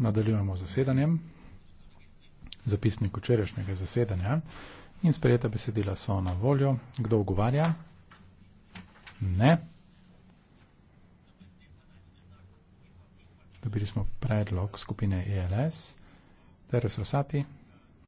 Nadaljujemo z zasedanjem. Zapisnik včerajšnjega zasedanja in sprejeta besedila so na voljo. Kdo ugovarja? Ne. Dobili smo predlog skupine ELS. Teres Rosati.